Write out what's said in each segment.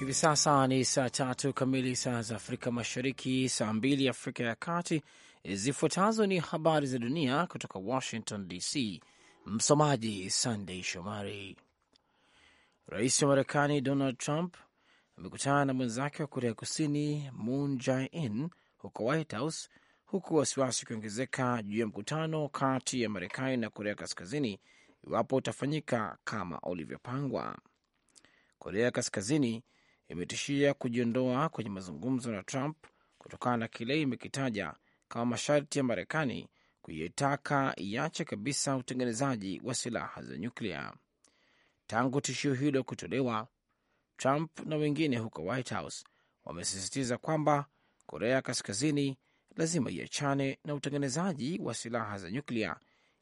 Hivi sasa ni saa tatu kamili saa za Afrika Mashariki, saa mbili Afrika ya Kati. Zifuatazo ni habari za dunia kutoka Washington DC. Msomaji Sandei Shomari. Rais wa Marekani Donald Trump amekutana na mwenzake wa Korea Kusini Moon Jae-in huko White House, huku wasiwasi ukiongezeka juu ya mkutano kati ya Marekani na Korea Kaskazini iwapo utafanyika kama ulivyopangwa. Korea Kaskazini imetishia kujiondoa kwenye mazungumzo na Trump kutokana na kile imekitaja kama masharti ya Marekani kuitaka iache kabisa utengenezaji wa silaha za nyuklia. Tangu tishio hilo kutolewa, Trump na wengine huko White House wamesisitiza kwamba Korea Kaskazini lazima iachane na utengenezaji wa silaha za nyuklia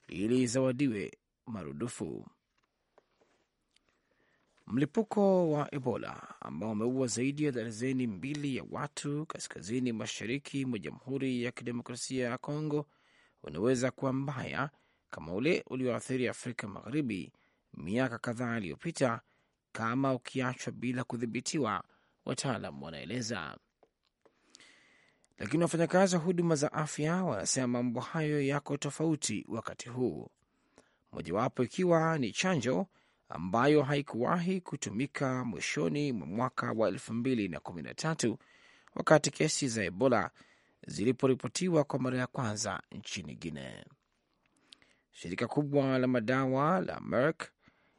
ili zawadiwe marudufu. Mlipuko wa Ebola ambao umeua zaidi ya darzeni mbili ya watu kaskazini mashariki mwa Jamhuri ya Kidemokrasia ya Kongo unaweza kuwa mbaya kama ule ulioathiri Afrika Magharibi miaka kadhaa iliyopita kama ukiachwa bila kudhibitiwa, wataalam wanaeleza. Lakini wafanyakazi wa huduma za afya wanasema mambo hayo yako tofauti wakati huu, mojawapo ikiwa ni chanjo ambayo haikuwahi kutumika mwishoni mwa mwaka wa 2013 wakati kesi za Ebola ziliporipotiwa kwa mara ya kwanza nchini Guinea. Shirika kubwa la madawa la Merck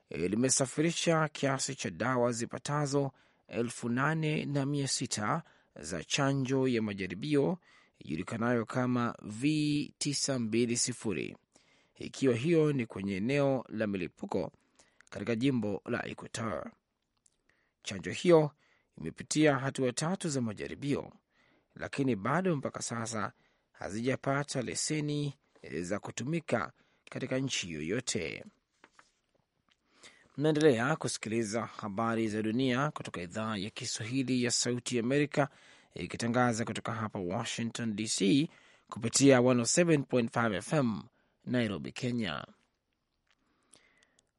eh, limesafirisha kiasi cha dawa zipatazo elfu nane na mia sita za chanjo ya majaribio ijulikanayo kama V920 ikiwa hiyo ni kwenye eneo la milipuko katika jimbo la Equator. Chanjo hiyo imepitia hatua tatu za majaribio, lakini bado mpaka sasa hazijapata leseni za kutumika katika nchi yoyote. Mnaendelea kusikiliza habari za dunia kutoka idhaa ya Kiswahili ya Sauti Amerika, ikitangaza kutoka hapa Washington DC kupitia 107.5 FM Nairobi, Kenya.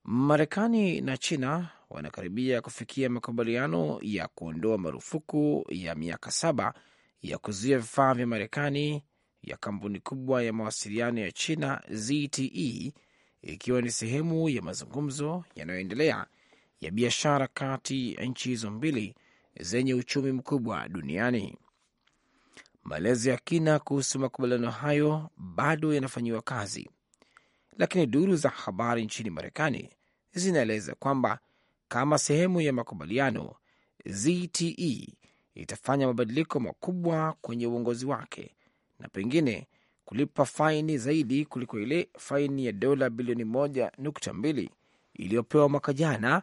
Marekani na China wanakaribia kufikia makubaliano ya kuondoa marufuku ya miaka saba ya kuzuia vifaa vya Marekani ya kampuni kubwa ya mawasiliano ya China ZTE ikiwa ni sehemu ya mazungumzo yanayoendelea ya biashara kati ya nchi hizo mbili zenye uchumi mkubwa duniani. Maelezo ya kina kuhusu makubaliano hayo bado yanafanyiwa kazi, lakini duru za habari nchini Marekani zinaeleza kwamba kama sehemu ya makubaliano, ZTE itafanya mabadiliko makubwa kwenye uongozi wake na pengine kulipa faini zaidi kuliko ile faini ya dola bilioni moja nukta mbili iliyopewa mwaka jana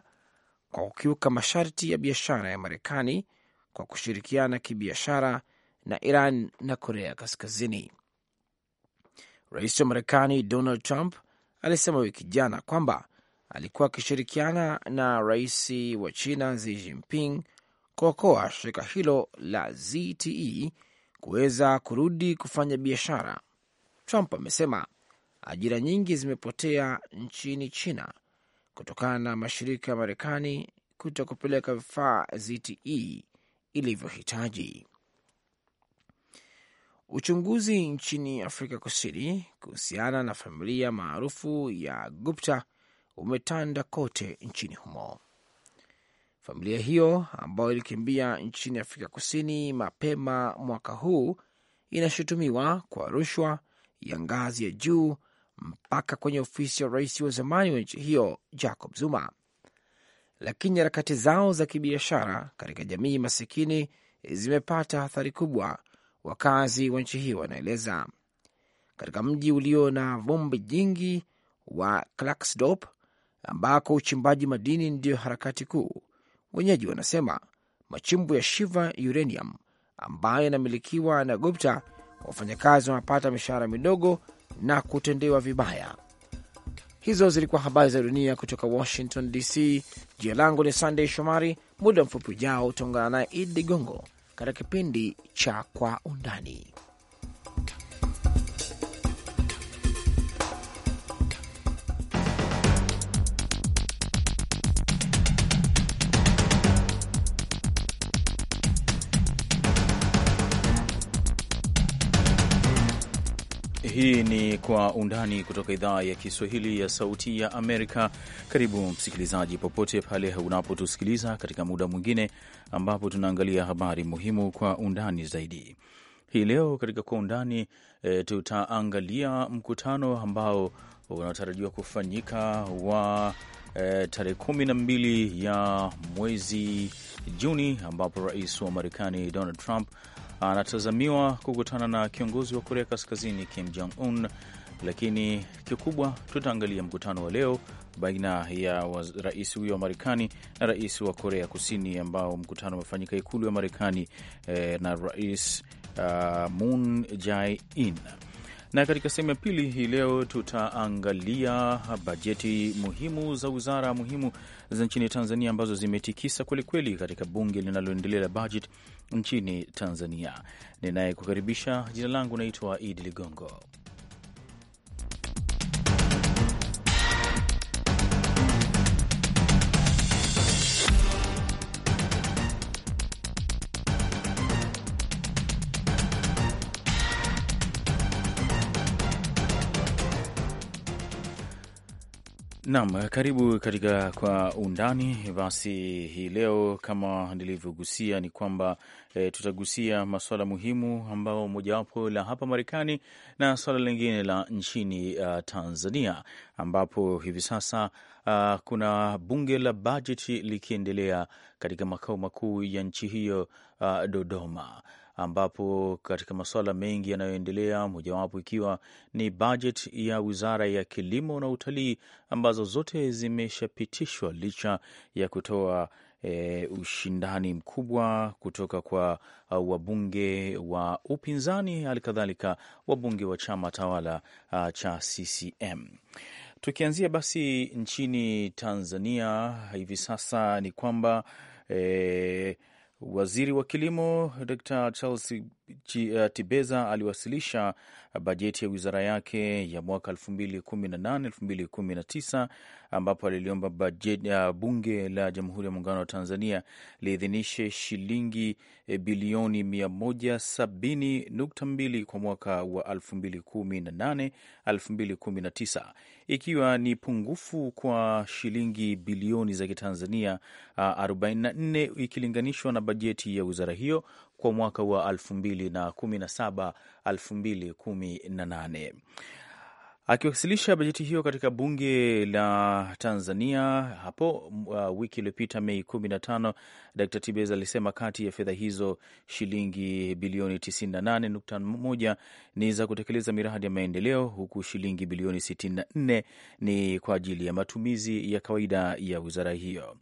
kwa kukiuka masharti ya biashara ya Marekani kwa kushirikiana kibiashara na Iran na Korea Kaskazini. Rais wa Marekani Donald Trump alisema wiki jana kwamba alikuwa akishirikiana na rais wa China Xi Jinping kuokoa shirika hilo la ZTE kuweza kurudi kufanya biashara. Trump amesema ajira nyingi zimepotea nchini China kutokana na mashirika ya Marekani kuto kupeleka vifaa ZTE ilivyohitaji. Uchunguzi nchini Afrika Kusini kuhusiana na familia maarufu ya Gupta umetanda kote nchini humo. Familia hiyo ambayo ilikimbia nchini Afrika Kusini mapema mwaka huu inashutumiwa kwa rushwa ya ngazi ya juu mpaka kwenye ofisi ya rais wa zamani wa nchi hiyo Jacob Zuma. Lakini harakati zao za kibiashara katika jamii masikini zimepata athari kubwa wakazi wa nchi hiyo wanaeleza. Katika mji ulio na vumbi jingi wa Klaksdorp ambako uchimbaji madini ndiyo harakati kuu, wenyeji wanasema machimbo ya Shiva Uranium ambayo yanamilikiwa na Gupta, wafanyakazi wanapata mishahara midogo na kutendewa vibaya. Hizo zilikuwa habari za dunia kutoka Washington DC. Jina langu ni Sandey Shomari. Muda mfupi ujao utaungana naye Idi Ligongo katika kipindi cha Kwa Undani. Hii ni Kwa Undani kutoka idhaa ya Kiswahili ya Sauti ya Amerika. Karibu msikilizaji, popote pale unapotusikiliza katika muda mwingine ambapo tunaangalia habari muhimu kwa undani zaidi. Hii leo katika Kwa Undani e, tutaangalia mkutano ambao unaotarajiwa kufanyika wa e, tarehe kumi na mbili ya mwezi Juni ambapo rais wa Marekani Donald Trump anatazamiwa kukutana na kiongozi wa Korea Kaskazini Kim Jong Un, lakini kikubwa tutaangalia mkutano wa leo baina ya rais huyo wa Marekani na rais wa Korea Kusini, ambao mkutano umefanyika ikulu ya Marekani eh, na rais uh, Moon Jae-in na katika sehemu ya pili hii leo tutaangalia bajeti muhimu za wizara muhimu za nchini Tanzania ambazo zimetikisa kwelikweli katika bunge linaloendelea la bajeti nchini Tanzania. Ninayekukaribisha, jina langu naitwa Idi Ligongo. Naam, karibu katika Kwa Undani. Basi hii leo kama nilivyogusia, ni kwamba e, tutagusia masuala muhimu ambao mojawapo la hapa Marekani na suala lingine la nchini uh, Tanzania, ambapo hivi sasa uh, kuna bunge la bajeti likiendelea katika makao makuu ya nchi hiyo uh, Dodoma ambapo katika masuala mengi yanayoendelea, mojawapo ikiwa ni bajeti ya wizara ya kilimo na utalii ambazo zote zimeshapitishwa licha ya kutoa E, ushindani mkubwa kutoka kwa uh, wabunge wa upinzani hali kadhalika wabunge wa chama tawala a, uh, cha CCM. Tukianzia basi nchini Tanzania hivi sasa ni kwamba e, Waziri wa Kilimo Dr Charles Eh, Tibeza aliwasilisha bajeti ya wizara yake ya mwaka 2018 2019, ambapo aliliomba eh, bunge la Jamhuri ya Muungano wa Tanzania liidhinishe shilingi eh, bilioni 170.2 kwa mwaka wa 2018 2019, ikiwa ni pungufu kwa shilingi bilioni za Kitanzania 44 ikilinganishwa na bajeti ya wizara hiyo kwa mwaka wa 2017 2018. Akiwasilisha bajeti hiyo katika bunge la Tanzania hapo uh, wiki iliyopita Mei 15, d Tibez alisema kati ya fedha hizo shilingi bilioni 98.1 ni za kutekeleza miradi ya maendeleo, huku shilingi bilioni 64 ni kwa ajili ya matumizi ya kawaida ya wizara hiyo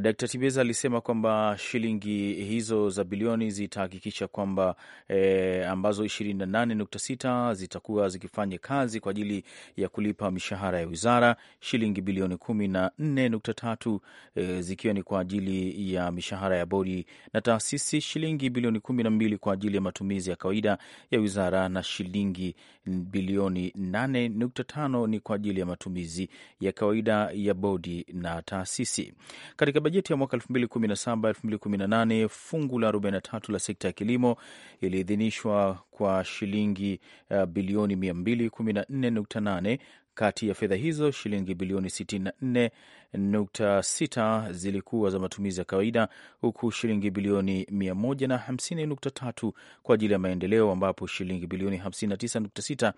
d eh, Dkt. Tibeza alisema kwamba shilingi hizo za bilioni zitahakikisha kwamba e, ambazo 28.6 zitakuwa zikifanya kazi kwa ajili ya kulipa mishahara ya wizara, shilingi bilioni 14.3 e, eh, zikiwa ni kwa ajili ya mishahara ya bodi na taasisi, shilingi bilioni 12 kwa ajili ya matumizi ya kawaida ya wizara na shilingi bilioni 8.5 ni kwa ajili ya matumizi ya kawaida ya bodi na taasisi katika bajeti ya mwaka 2017 2018 fungu la 43 la sekta ya kilimo iliidhinishwa kwa shilingi uh, bilioni 214.8 kati ya fedha hizo shilingi bilioni 64 nukta sita zilikuwa za matumizi ya kawaida huku shilingi bilioni mia moja na hamsini nukta tatu kwa ajili ya maendeleo, ambapo shilingi bilioni hamsini na tisa nukta sita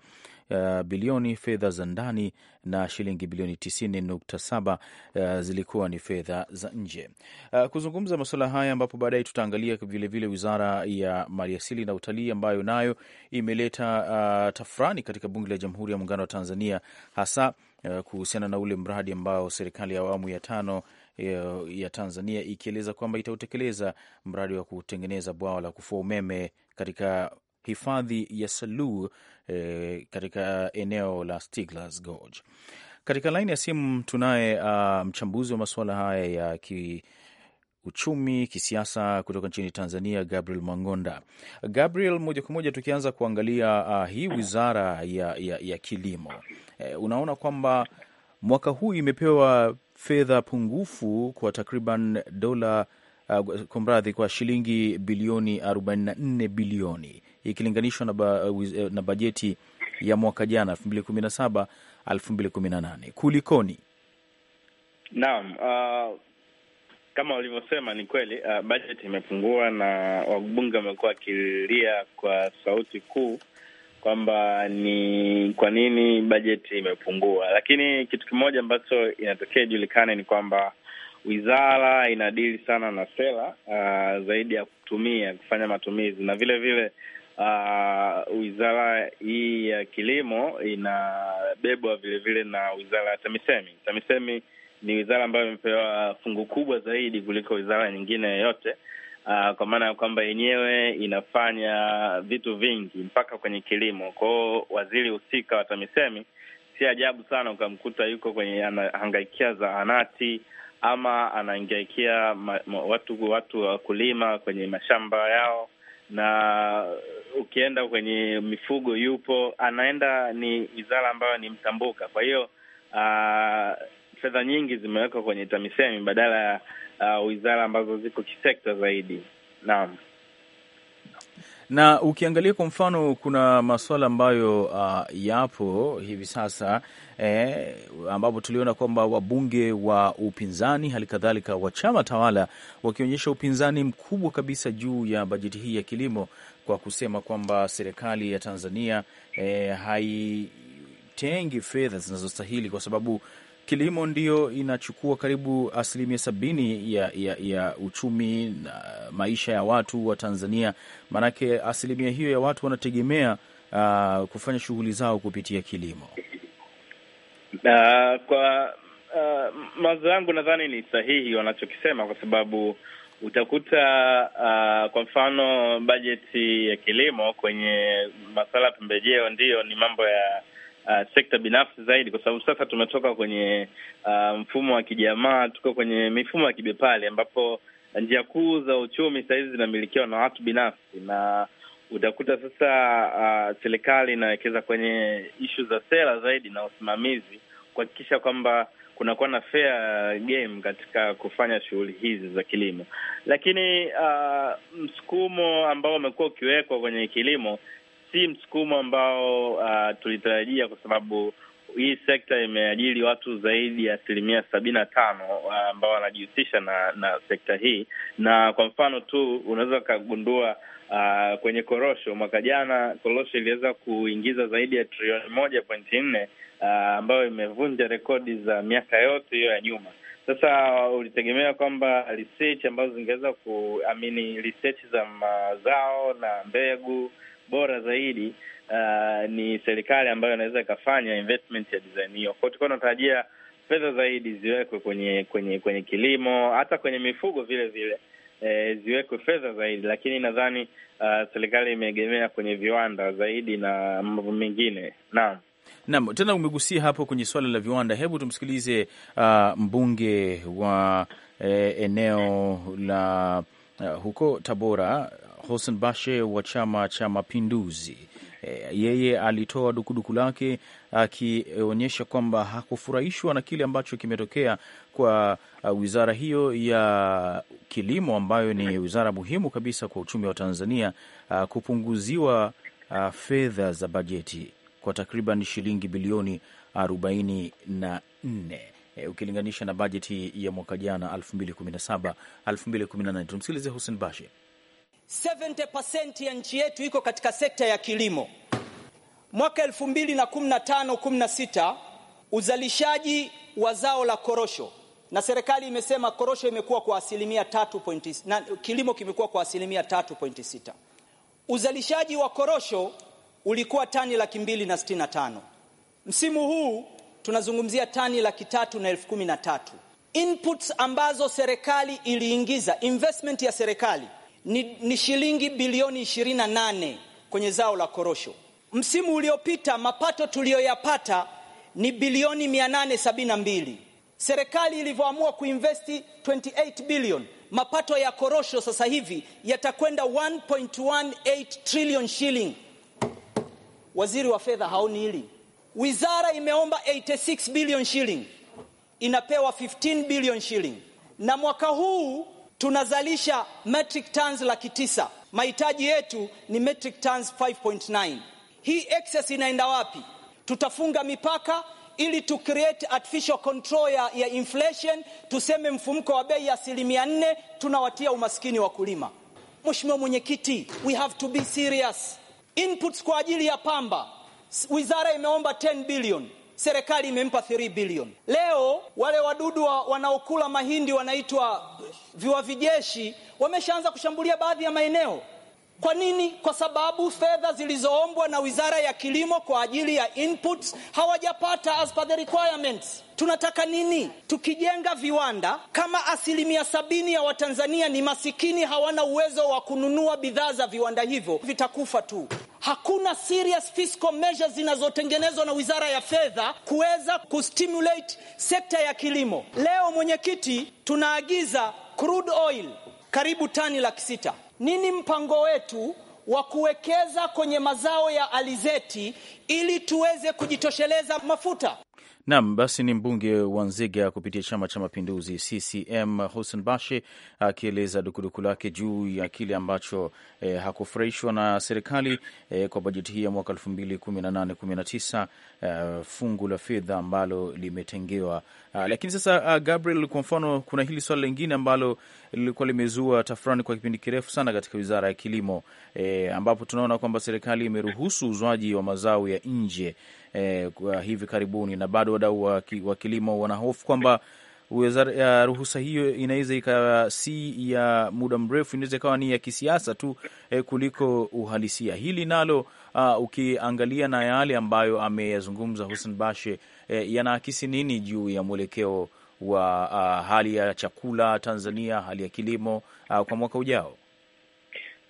uh, bilioni fedha za ndani na shilingi bilioni tisini uh, zilikuwa ni fedha za nje. Uh, kuzungumza masuala haya, ambapo baadaye tutaangalia vilevile wizara ya maliasili na utalii ambayo nayo imeleta uh, tafrani katika bunge la Jamhuri ya Muungano wa Tanzania hasa Eh, kuhusiana na ule mradi ambao serikali ya awamu ya tano eh, ya Tanzania ikieleza kwamba itautekeleza mradi wa kutengeneza bwawa la kufua umeme katika hifadhi ya Saluu eh, katika eneo la Stiglas Gorge. Katika laini ya simu tunaye uh, mchambuzi wa masuala haya ya ki uchumi, kisiasa kutoka nchini Tanzania, Gabriel mangonda Gabriel, moja kwa moja tukianza kuangalia uh, hii wizara ya, ya, ya kilimo eh, unaona kwamba mwaka huu imepewa fedha pungufu kwa takriban dola uh, kwa mradhi kwa shilingi bilioni 44 bilioni ikilinganishwa na, ba, uh, uh, na bajeti ya mwaka jana 2017 2018. Kulikoni? Naam, uh, kama walivyosema ni kweli, uh, bajeti imepungua na wabunge wamekuwa wakilia kwa sauti kuu kwamba ni kwa nini bajeti imepungua. Lakini kitu kimoja ambacho inatokea ijulikane ni kwamba wizara inadili sana na sera uh, zaidi ya kutumia kufanya matumizi na vile vile uh, wizara hii ya kilimo inabebwa vile vile na wizara ya TAMISEMI. TAMISEMI ni wizara ambayo imepewa fungu kubwa zaidi kuliko wizara nyingine yoyote, uh, kwa maana ya kwamba yenyewe inafanya vitu vingi mpaka kwenye kilimo. Kwao waziri husika wa TAMISEMI, si ajabu sana ukamkuta yuko kwenye anahangaikia zahanati ama anahangaikia watu watu wakulima kwenye mashamba yao na ukienda kwenye mifugo yupo, anaenda. Ni wizara ambayo ni mtambuka. Kwa hiyo uh, fedha nyingi zimewekwa kwenye TAMISEMI badala ya uh, wizara ambazo ziko kisekta zaidi. Naam na ukiangalia kwa mfano kuna masuala ambayo uh, yapo hivi sasa eh, ambapo tuliona kwamba wabunge wa upinzani hali kadhalika wa chama tawala wakionyesha upinzani mkubwa kabisa juu ya bajeti hii ya kilimo kwa kusema kwamba serikali ya Tanzania eh, haitengi fedha zinazostahili kwa sababu kilimo ndiyo inachukua karibu asilimia sabini ya, ya, ya uchumi na maisha ya watu wa Tanzania. Maanake asilimia hiyo ya watu wanategemea uh, kufanya shughuli zao kupitia kilimo. Na kwa uh, mawazo yangu nadhani ni sahihi wanachokisema, kwa sababu utakuta uh, kwa mfano bajeti ya kilimo kwenye masuala ya pembejeo ndiyo ni mambo ya uh, sekta binafsi zaidi, kwa sababu sasa tumetoka kwenye uh, mfumo wa kijamaa, tuko kwenye mifumo ya kibepale ambapo njia kuu za uchumi sahizi zinamilikiwa na watu binafsi, na utakuta sasa uh, serikali inawekeza kwenye ishu za sera zaidi na usimamizi kuhakikisha kwamba kunakuwa na fair game katika kufanya shughuli hizi za kilimo, lakini uh, msukumo ambao umekuwa ukiwekwa kwenye kilimo si msukumo ambao uh, tulitarajia kwa sababu hii sekta imeajiri watu zaidi ya asilimia sabini na tano uh, ambao wanajihusisha na na sekta hii, na kwa mfano tu unaweza ukagundua uh, kwenye korosho mwaka jana korosho iliweza kuingiza zaidi ya trilioni moja pointi nne uh, ambayo imevunja rekodi za miaka yote hiyo ya nyuma. Sasa ulitegemea kwamba research ambazo zingeweza kuamini research za mazao na mbegu bora zaidi uh, ni serikali ambayo inaweza ikafanya investment ya design hiyo. Kwa hiyo tulikuwa tunatarajia fedha zaidi ziwekwe kwenye kwenye kwenye kilimo, hata kwenye mifugo vile vile eh, ziwekwe fedha zaidi, lakini nadhani uh, serikali imeegemea kwenye viwanda zaidi na mambo mengine. Naam. Naam, tena umegusia hapo kwenye swala la viwanda. Hebu tumsikilize uh, mbunge wa eh, eneo la uh, huko Tabora Hussein Bashe wa Chama cha Mapinduzi. Eh, yeye alitoa dukuduku lake akionyesha kwamba hakufurahishwa na kile ambacho kimetokea kwa uh, wizara hiyo ya kilimo ambayo ni wizara muhimu kabisa kwa uchumi wa Tanzania uh, kupunguziwa uh, fedha za bajeti kwa takriban shilingi bilioni 44 e, ukilinganisha na bajeti ya mwaka jana 2017 2018. Tumsikilize Hussein Bashe. 70% ya nchi yetu iko katika sekta ya kilimo. Mwaka 2015 16 uzalishaji wa zao la korosho na serikali imesema korosho imekuwa kwa asilimia 3 na kilimo kimekuwa kwa asilimia 3.6. Uzalishaji wa korosho ulikuwa tani laki mbili na sitini na tano. Msimu huu tunazungumzia tani laki tatu na elfu kumi na tatu. Inputs ambazo serikali iliingiza investment ya serikali ni, ni shilingi bilioni 28 kwenye zao la korosho. Msimu uliopita mapato tuliyoyapata ni bilioni 872. Serikali ilivyoamua kuinvesti 28 billion mapato ya korosho sasa hivi yatakwenda 1.18 trillion shilling Waziri wa fedha haoni hili. Wizara imeomba 86 billion shilling, inapewa 15 billion shilling, na mwaka huu tunazalisha metric tons laki tisa. Mahitaji yetu ni metric tons 5.9. Hii excess inaenda wapi? Tutafunga mipaka ili tu create artificial control ya, ya inflation, tuseme mfumko wa bei ya asilimia nne, tunawatia umaskini wakulima. Mheshimiwa Mwenyekiti, we have to be serious. Inputs kwa ajili ya pamba, wizara imeomba 10 billion serikali imempa 3 billion Leo wale wadudu wa, wanaokula mahindi wanaitwa viwavijeshi wameshaanza kushambulia baadhi ya maeneo. Kwa nini? Kwa sababu fedha zilizoombwa na Wizara ya Kilimo kwa ajili ya inputs hawajapata as per the requirements. Tunataka nini? Tukijenga viwanda, kama asilimia sabini ya Watanzania ni masikini, hawana uwezo wa kununua bidhaa za viwanda hivyo, vitakufa tu. Hakuna serious fiscal measures zinazotengenezwa na Wizara ya Fedha kuweza kustimulate sekta ya kilimo. Leo mwenyekiti, tunaagiza crude oil karibu tani laki sita nini mpango wetu wa kuwekeza kwenye mazao ya alizeti ili tuweze kujitosheleza mafuta? Nam basi, ni mbunge wa Nzega kupitia Chama cha Mapinduzi CCM Hussein Bashe akieleza dukuduku lake juu ya kile ambacho eh, hakufurahishwa na serikali eh, kwa bajeti hii ya mwaka elfu mbili kumi na nane kumi na tisa eh, fungu la fedha ambalo limetengewa ah, lakini sasa ah, Gabriel, kwa mfano kuna hili swala lingine ambalo lilikuwa limezua tafurani kwa kipindi kirefu sana katika wizara ya kilimo e, ambapo tunaona kwamba serikali imeruhusu uzwaji wa mazao ya nje eh, kwa hivi karibuni, na bado wadau wa, kilimo wanahofu kwamba wizara ruhusa hiyo inaweza ikawa si ya muda mrefu, inaweza ikawa ni ya kisiasa tu eh, kuliko uhalisia. Hili nalo uh, ukiangalia na yale ambayo ameyazungumza Hussein Bashe eh, yanaakisi nini juu ya mwelekeo wa uh, hali ya chakula Tanzania, hali ya kilimo uh, kwa mwaka ujao?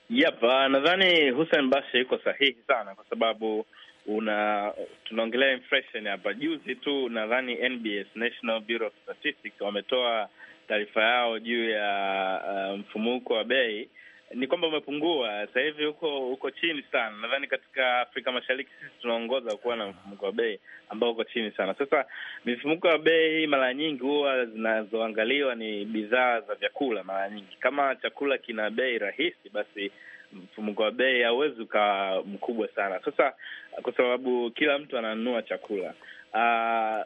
Yep, uh, nadhani Hussein Bashe iko sahihi sana kwa sababu una tunaongelea inflation hapa. Juzi tu nadhani NBS, National Bureau of Statistics, wametoa taarifa yao juu ya uh, mfumuko wa bei ni kwamba umepungua sasa hivi, huko huko chini sana. Nadhani katika Afrika Mashariki sisi tunaongoza kuwa na mfumuko wa bei ambao uko chini sana. Sasa mifumuko ya bei mara nyingi huwa zinazoangaliwa ni bidhaa za vyakula. Mara nyingi kama chakula kina bei rahisi, basi mfumuko wa bei hauwezi ukawa mkubwa sana. Sasa kwa sababu kila mtu ananunua chakula uh,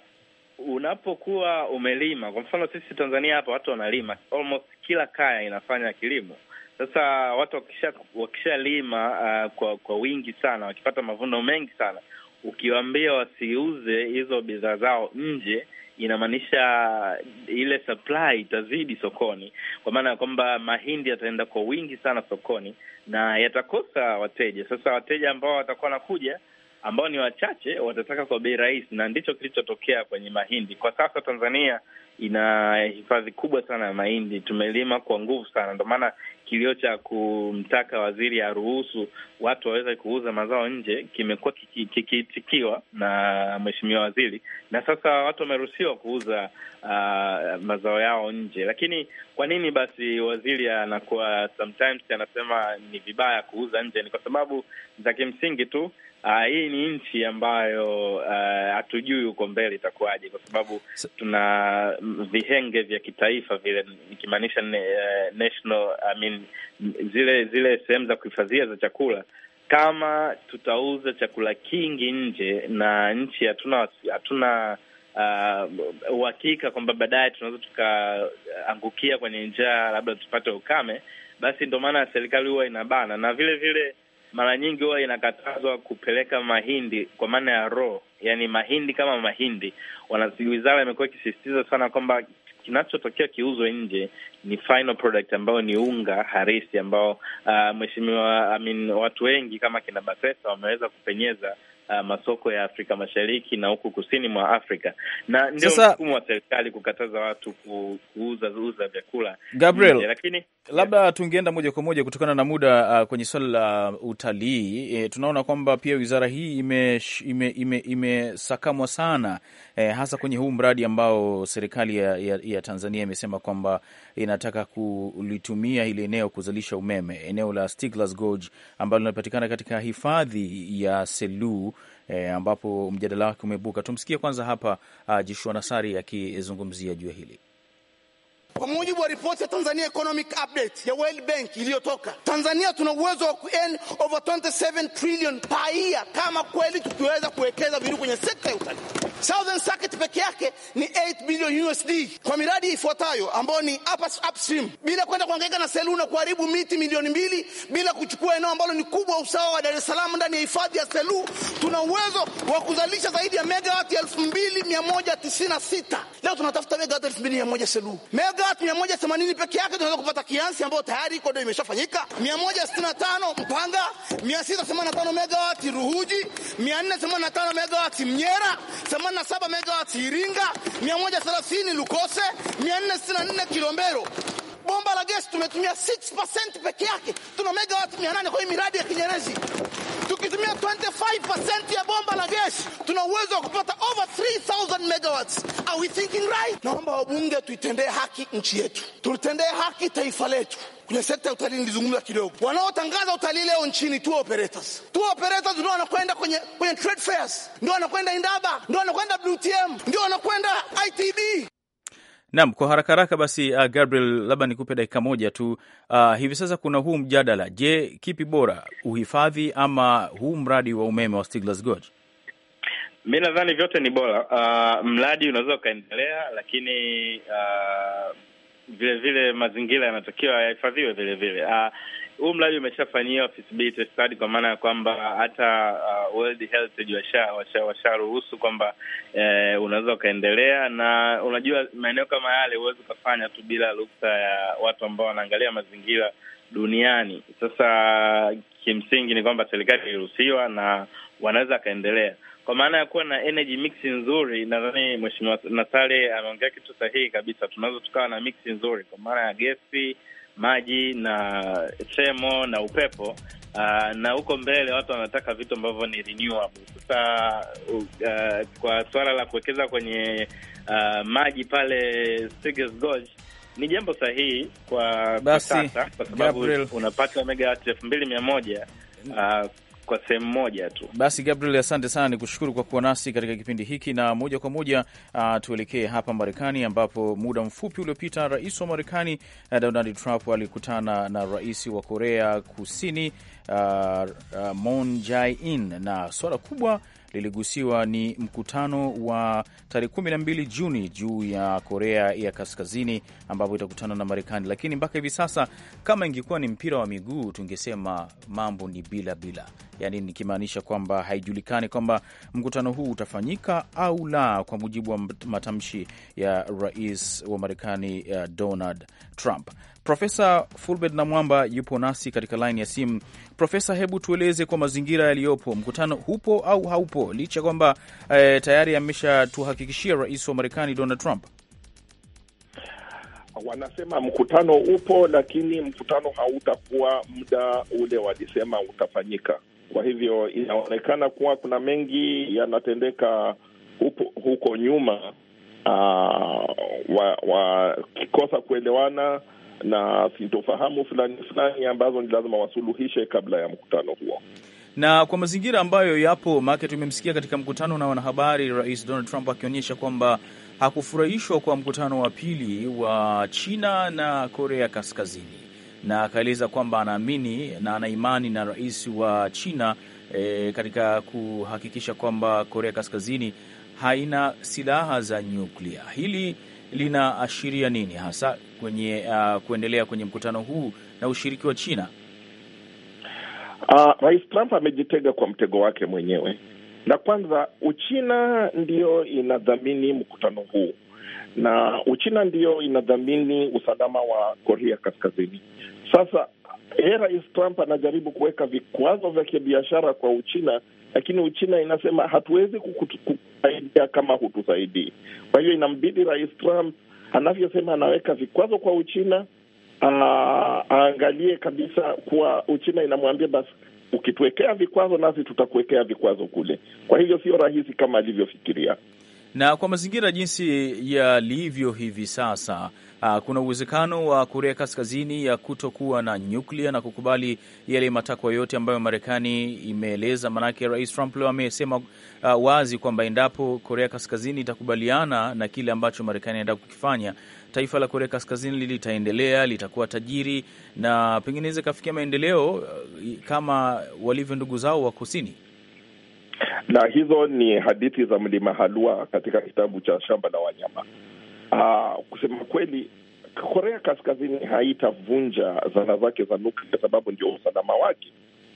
unapokuwa umelima, kwa mfano sisi Tanzania hapa watu wanalima, almost kila kaya inafanya kilimo. Sasa watu wakisha wakishalima uh, kwa kwa wingi sana, wakipata mavuno mengi sana, ukiwaambia wasiuze hizo bidhaa zao nje inamaanisha ile supply itazidi sokoni, kwa maana ya kwamba mahindi yataenda kwa wingi sana sokoni na yatakosa wateja. Sasa wateja ambao watakuwa wanakuja ambao ni wachache watataka kwa bei rahisi, na ndicho kilichotokea kwenye mahindi. Kwa sasa Tanzania ina hifadhi kubwa sana ya mahindi, tumelima kwa nguvu sana, ndo maana kilio cha kumtaka waziri aruhusu watu waweze kuuza mazao nje kimekuwa kikiitikiwa na mheshimiwa waziri, na sasa watu wameruhusiwa kuuza uh, mazao yao nje. Lakini kwa nini basi waziri anakuwa sometimes anasema ni vibaya kuuza nje? Ni kwa sababu za kimsingi tu Uh, hii ni nchi ambayo eh, hatujui uh, huko mbele itakuwaje, kwa sababu tuna vihenge vya kitaifa vile, nikimaanisha uh, eh, national I mean, zile zile sehemu za kuhifadhia za chakula. Kama tutauza chakula kingi nje na nchi hatuna hatuna ah, uhakika uh, kwamba baadaye tunaweza tukaangukia kwenye njaa, labda tupate ukame, basi ndo maana serikali huwa inabana na vile vile mara nyingi huwa inakatazwa kupeleka mahindi kwa maana ya raw, yani mahindi kama mahindi. Wizara imekuwa ikisisitiza sana kwamba kinachotokea kiuzwe nje ni final product ambayo ni unga harisi ambao, uh, mheshimiwa I mean, watu wengi kama kina Bakhresa wameweza kupenyeza Uh, masoko ya Afrika Mashariki na huku kusini mwa Afrika na ndio mfumo wa serikali kukataza watu kuuza uza vyakula Gabriel, lakini labda tungeenda moja kwa moja kutokana na muda, uh, kwenye swala la utalii e, tunaona kwamba pia wizara hii imesakamwa ime, ime, ime sana e, hasa kwenye huu mradi ambao serikali ya, ya, ya Tanzania imesema kwamba inataka kulitumia hili eneo kuzalisha umeme, eneo la Stiglas Gorge ambalo linapatikana katika hifadhi ya Selu e, eh, ambapo mjadala wake umebuka Tumsikie kwanza hapa uh, Jishua Nassari akizungumzia juu ya hili. Kwa mujibu wa ripoti ya Tanzania Economic Update ya World Bank iliyotoka, Tanzania tuna uwezo wa kuearn over 27 trillion paia kama kweli tukiweza kuwekeza vitu kwenye sekta ya utalii. Southern Circuit peke yake ni 8 billion USD kwa miradi ifuatayo ambayo ni upstream, bila kwenda kuangaika na na kuharibu miti milioni mbili, bila kuchukua eneo ambalo ni kubwa usawa wa Dar es Salaam ndani ya hifadhi ya Selu, tuna uwezo wa kuzalisha zaidi ya megawati 2196. Leo tunatafuta megawati 2100 Selu mega megawati 180 peke yake tunaweza kupata kiasi ambayo tayari iko ndio imeshafanyika 165 Mpanga, 685 megawati Ruhuji, 485 megawati Mnyera, 87 megawati Iringa, 130 Lukose, 464 Kilombero. Bomba la gesi tumetumia 6% peke yake, tuna megawati 800 kwenye miradi ya Kinyerezi tukitumia 25% ya bomba la gesi tuna uwezo wa kupata over 3000 megawatts. Are we thinking right? Naomba wabunge tuitendee haki nchi yetu, tulitendee haki taifa letu. Kwenye sekta ya utalii nilizungumza kidogo, wanaotangaza utalii leo nchini tour operators. Tour operators ndio wanakwenda kwenye, kwenye trade fairs, ndio wanakwenda Indaba, ndio wanakwenda btm ndio wanakwenda ITB. Naam, kwa haraka haraka basi, uh, Gabriel, labda nikupe dakika moja tu. Uh, hivi sasa kuna huu mjadala, je, kipi bora uhifadhi ama huu mradi wa umeme wa Stiglas Gorge? Mi nadhani vyote ni bora. Uh, mradi unaweza ukaendelea, lakini uh, vile vile mazingira yanatakiwa yahifadhiwe vile vile. Ah, huu uh, mradi umeshafanyia feasibility study kwa maana ya kwamba hata uh, World Heritage washaruhusu washa, washa kwamba eh, unaweza ukaendelea, na unajua maeneo kama yale huwezi ukafanya tu bila ruksa ya watu ambao wanaangalia mazingira duniani. Sasa kimsingi ni kwamba serikali iliruhusiwa na wanaweza akaendelea kwa maana ya kuwa na energy mix nzuri. Nadhani Mheshimiwa Nasale ameongea kitu sahihi kabisa. Tunaweza tukawa na mix nzuri kwa maana ya gesi, maji na semo na upepo. Uh, na huko mbele watu wanataka vitu ambavyo ni renewable. Sasa uh, uh, kwa suala la kuwekeza kwenye uh, maji pale Gorge ni jambo sahihi kwa sasa, kwa sababu unapata megawati elfu mbili mia moja uh, kwa sehemu moja tu. Basi Gabriel, asante sana, ni kushukuru kwa kuwa nasi katika kipindi hiki, na moja kwa moja uh, tuelekee hapa Marekani ambapo muda mfupi uliopita rais wa Marekani uh, Donald Trump alikutana na rais wa Korea Kusini uh, uh, Moon Jae-in na swala kubwa liligusiwa ni mkutano wa tarehe kumi na mbili Juni juu ya Korea ya Kaskazini ambapo itakutana na Marekani. Lakini mpaka hivi sasa, kama ingekuwa ni mpira wa miguu tungesema mambo ni bila bila, yani nikimaanisha kwamba haijulikani kwamba mkutano huu utafanyika au la, kwa mujibu wa matamshi ya rais wa Marekani uh, Donald Trump. Profesa Fulbert Namwamba yupo nasi katika laini ya simu. Profesa, hebu tueleze kwa mazingira yaliyopo, mkutano hupo au haupo, licha kwamba eh, tayari ameshatuhakikishia rais wa Marekani Donald Trump wanasema mkutano upo, lakini mkutano hautakuwa muda ule walisema utafanyika. Kwa hivyo inaonekana kuwa kuna mengi yanatendeka huko nyuma, wakikosa ah, wa kuelewana na sintofahamu fulani fulani ambazo ni lazima wasuluhishe kabla ya mkutano huo na kwa mazingira ambayo yapo make tumemsikia katika mkutano na wanahabari Rais Donald Trump akionyesha kwamba hakufurahishwa kwa mkutano wa pili wa China na Korea Kaskazini na akaeleza kwamba anaamini na ana imani na rais wa China e, katika kuhakikisha kwamba Korea Kaskazini haina silaha za nyuklia. Hili linaashiria nini hasa kwenye uh, kuendelea kwenye mkutano huu na ushiriki wa China? Uh, Rais Trump amejitega kwa mtego wake mwenyewe. Na kwanza Uchina ndiyo inadhamini mkutano huu na Uchina ndiyo inadhamini usalama wa Korea Kaskazini. Sasa yeye eh, Rais Trump anajaribu kuweka vikwazo vya kibiashara kwa Uchina, lakini Uchina inasema hatuwezi kukusaidia kama hutusaidii. Kwa hiyo inambidi Rais Trump anavyosema anaweka vikwazo kwa Uchina, aangalie kabisa kuwa Uchina inamwambia basi, ukituwekea vikwazo nasi tutakuwekea vikwazo kule. Kwa hivyo sio rahisi kama alivyofikiria na kwa mazingira jinsi yalivyo hivi sasa uh, kuna uwezekano wa Korea Kaskazini ya kutokuwa na nyuklia na kukubali yale matakwa yote ambayo Marekani imeeleza. Maanake Rais Trump leo amesema ah, wazi kwamba endapo Korea Kaskazini itakubaliana na kile ambacho Marekani inaenda kukifanya, taifa la Korea Kaskazini litaendelea, litakuwa tajiri na pengine iweze kafikia maendeleo ah, kama walivyo ndugu zao wa kusini na hizo ni hadithi za mlima Halua katika kitabu cha Shamba la Wanyama. Aa, ah, kusema kweli Korea Kaskazini haitavunja zana zake za nuklia kwa sababu ndio usalama wake.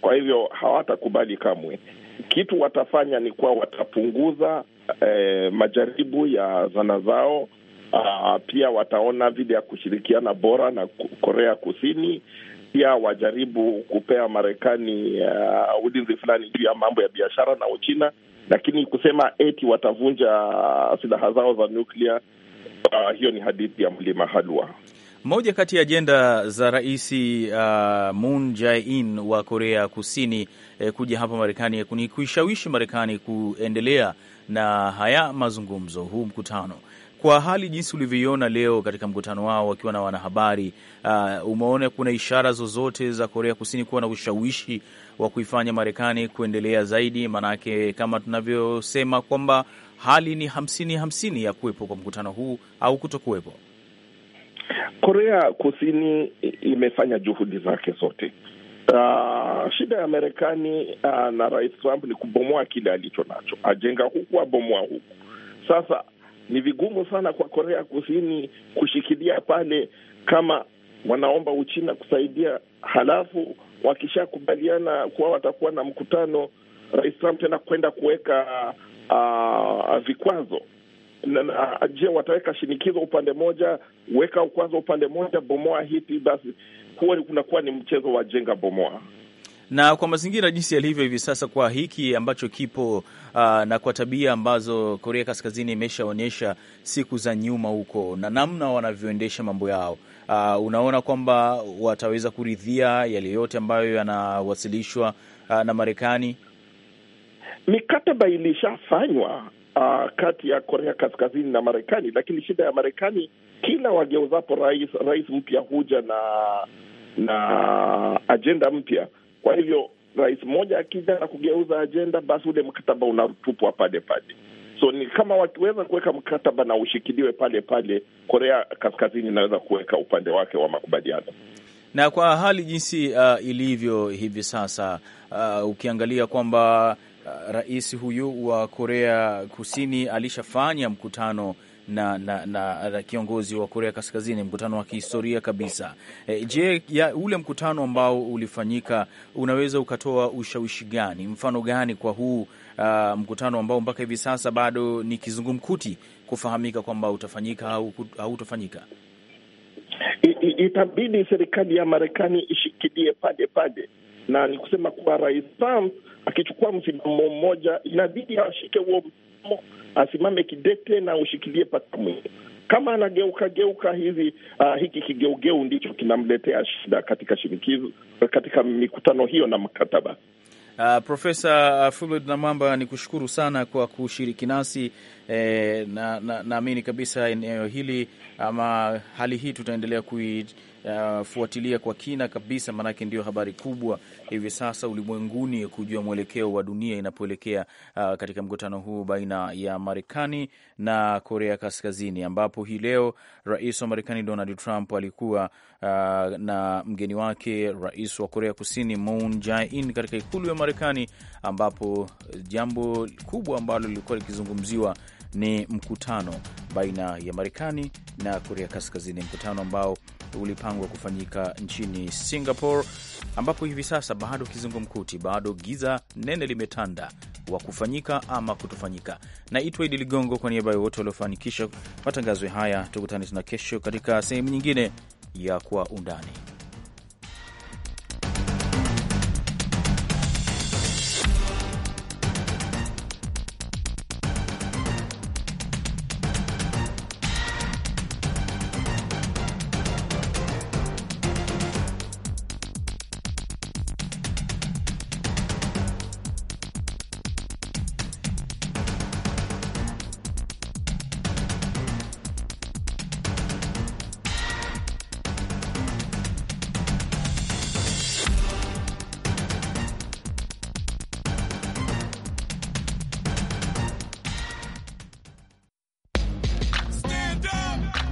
Kwa hivyo hawatakubali kamwe. Kitu watafanya ni kuwa watapunguza eh, majaribu ya zana zao. Aa, ah, pia wataona vile ya kushirikiana bora na Korea Kusini pia wajaribu kupea Marekani uh, ulinzi fulani juu ya mambo ya biashara na Uchina, lakini kusema eti watavunja uh, silaha zao za nuklia uh, hiyo ni hadithi ya mlima halua. Moja kati ya ajenda za Rais uh, Moon Jae-in wa Korea Kusini eh, kuja hapa Marekani ni kuishawishi Marekani kuendelea na haya mazungumzo, huu mkutano kwa hali jinsi ulivyoiona leo katika mkutano wao wakiwa na wanahabari, uh, umeona kuna ishara zozote za Korea Kusini kuwa na ushawishi wa kuifanya Marekani kuendelea zaidi? Maanake kama tunavyosema kwamba hali ni hamsini hamsini ya kuwepo kwa mkutano huu au kutokuwepo. Korea Kusini imefanya juhudi zake zote. Uh, shida ya Marekani uh, na Rais Trump ni kubomoa kile alicho nacho, ajenga huku abomoa huku. Sasa ni vigumu sana kwa Korea Kusini kushikilia pale kama wanaomba Uchina kusaidia, halafu wakishakubaliana kuwa watakuwa na mkutano, Rais Trump tena kwenda kuweka uh, vikwazo. Je, wataweka shinikizo upande moja, weka ukwazo upande moja, bomoa hiti? Basi huwa kunakuwa ni mchezo wa jenga bomoa na kwa mazingira jinsi yalivyo hivi sasa, kwa hiki ambacho kipo uh, na kwa tabia ambazo Korea Kaskazini imeshaonyesha siku za nyuma huko na namna wanavyoendesha mambo yao. Uh, unaona kwamba wataweza kuridhia yale yote ambayo yanawasilishwa uh, na Marekani. Mikataba ilishafanywa uh, kati ya Korea Kaskazini na Marekani, lakini shida ya Marekani kila wageuzapo rais, rais mpya huja na na ajenda mpya. Kwa hivyo rais mmoja akija na kugeuza ajenda, basi ule mkataba unatupwa pale pale. So ni kama wakiweza kuweka mkataba na ushikiliwe pale pale, Korea Kaskazini inaweza kuweka upande wake wa makubaliano na kwa hali jinsi uh, ilivyo hivi sasa uh, ukiangalia kwamba uh, rais huyu wa Korea Kusini alishafanya mkutano na, na, na, na kiongozi wa Korea Kaskazini, mkutano wa kihistoria kabisa. E, je, ya ule mkutano ambao ulifanyika unaweza ukatoa ushawishi gani, mfano gani kwa huu uh, mkutano ambao mpaka hivi sasa bado ni kizungumkuti kufahamika kwamba utafanyika au hautafanyika? Itabidi serikali ya Marekani ishikilie pande pande, na ni kusema kuwa Rais Trump akichukua msimamo mmoja, inabidi ashike huo msimamo, asimame kidete na ushikilie mpaka mwisho. Kama anageuka geuka hizi uh, ah, hiki kigeugeu ndicho kinamletea shida katika shinikizo, katika mikutano hiyo na mkataba. Uh, Profesa ah, Fulod Namwamba, ni kushukuru sana kwa kushiriki nasi eh, na naamini na kabisa eneo hili ama hali hii tutaendelea kui yafuatilia fuatilia kwa kina kabisa, maanake ndio habari kubwa hivi sasa ulimwenguni kujua mwelekeo wa dunia inapoelekea uh, katika mkutano huu baina ya Marekani na Korea Kaskazini, ambapo hii leo rais wa Marekani Donald Trump alikuwa uh, na mgeni wake rais wa Korea Kusini Moon Jae-in katika ikulu ya Marekani, ambapo jambo kubwa ambalo lilikuwa likizungumziwa ni mkutano baina ya Marekani na Korea Kaskazini, mkutano ambao ulipangwa kufanyika nchini Singapore, ambapo hivi sasa bado kizungumkuti, bado giza nene limetanda wa kufanyika ama kutofanyika. Naitwa Idi Ligongo, kwa niaba ya wote waliofanikisha matangazo haya, tukutane tena kesho katika sehemu nyingine ya Kwa Undani.